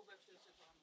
kuvvetőző van.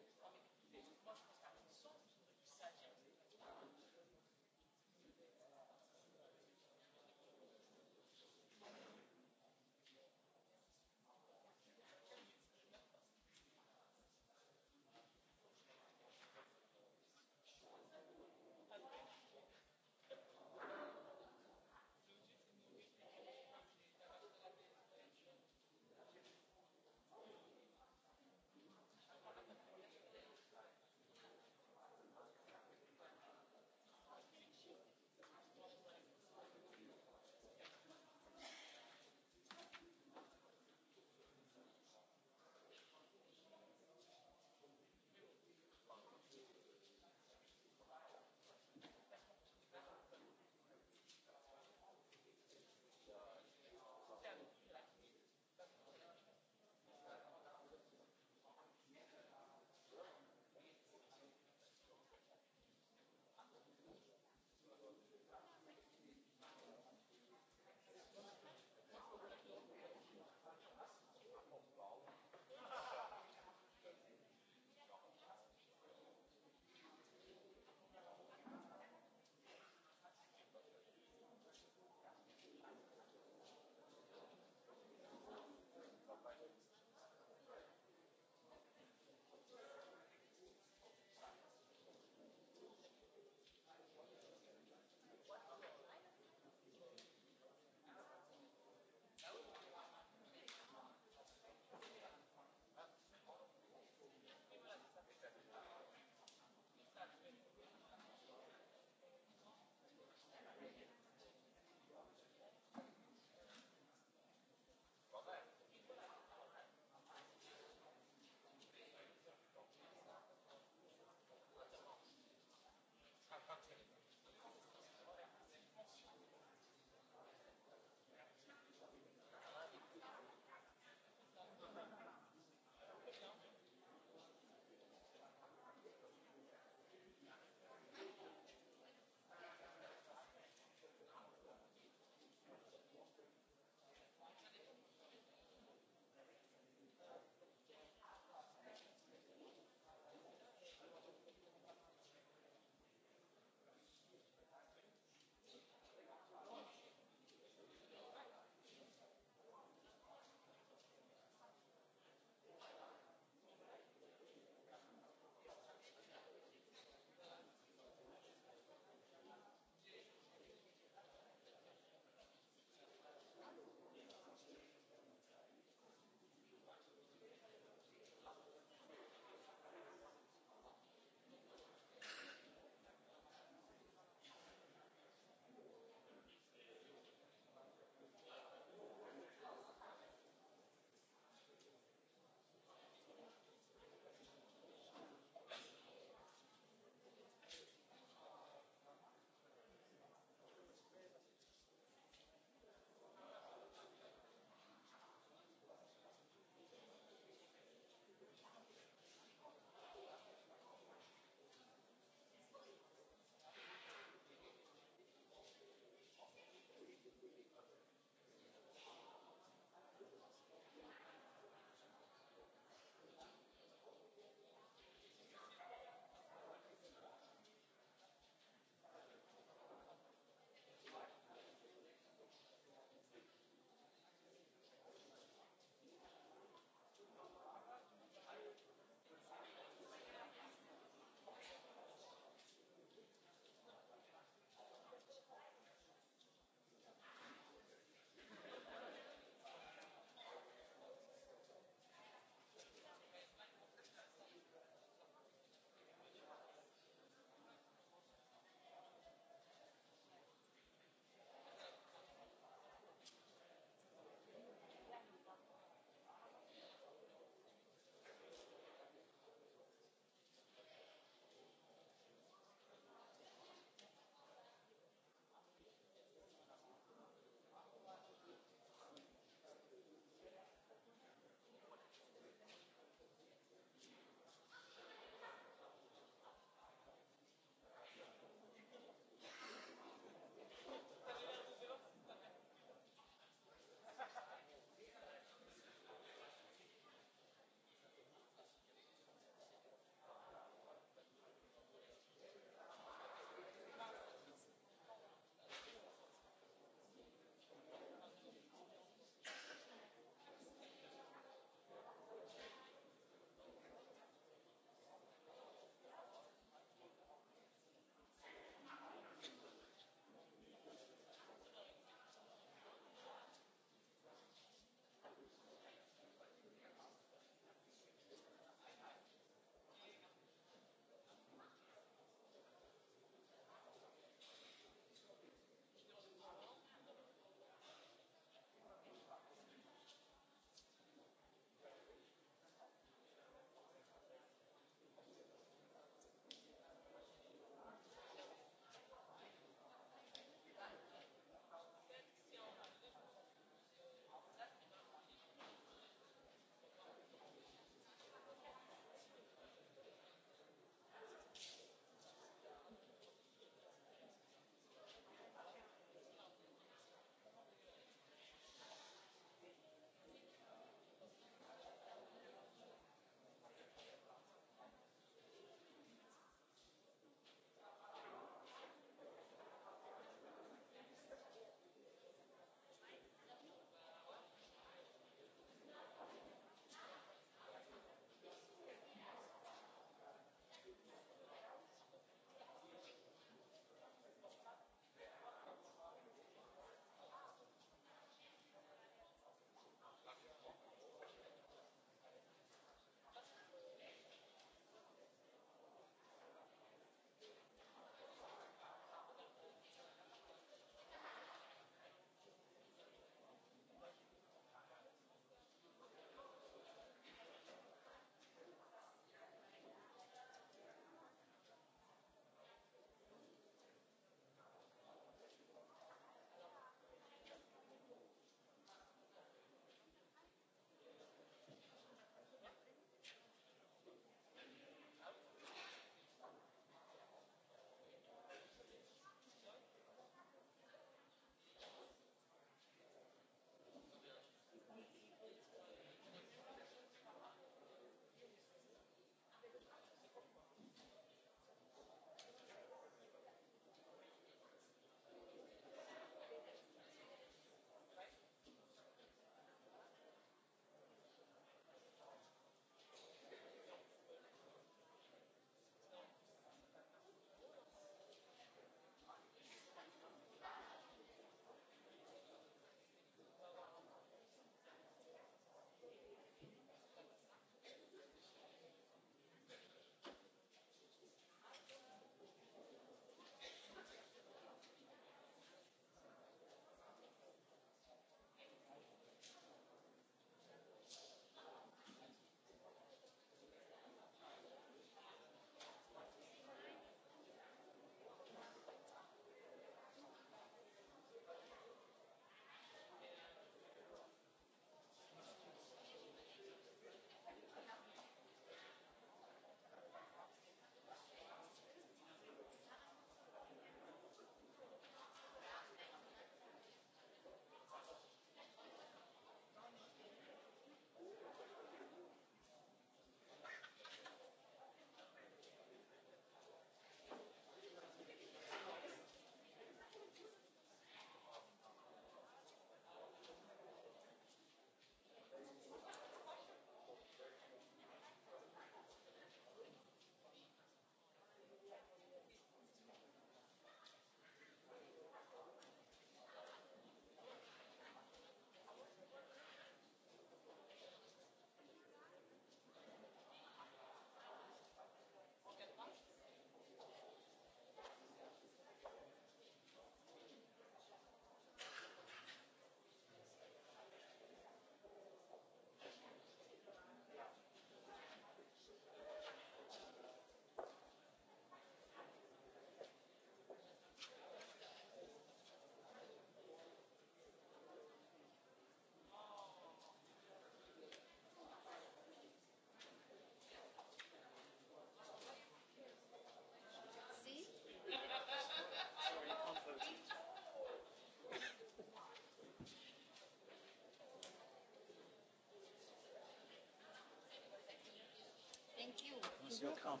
Monsieur Trump.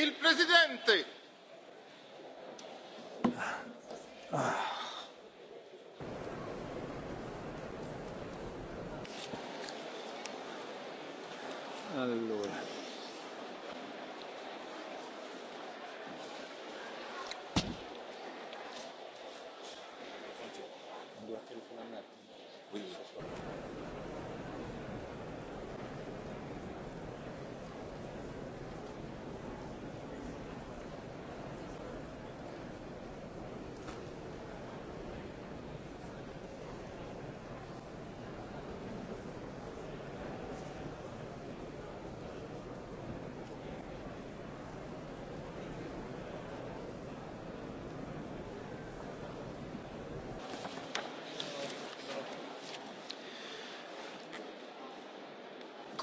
il presidente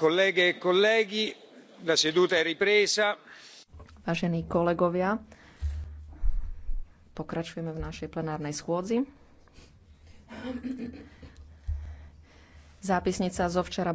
Kolege e la seduta è ripresa. Vážení kolegovia, pokračujeme v našej plenárnej schôdzi. Zápisnica zo včera bola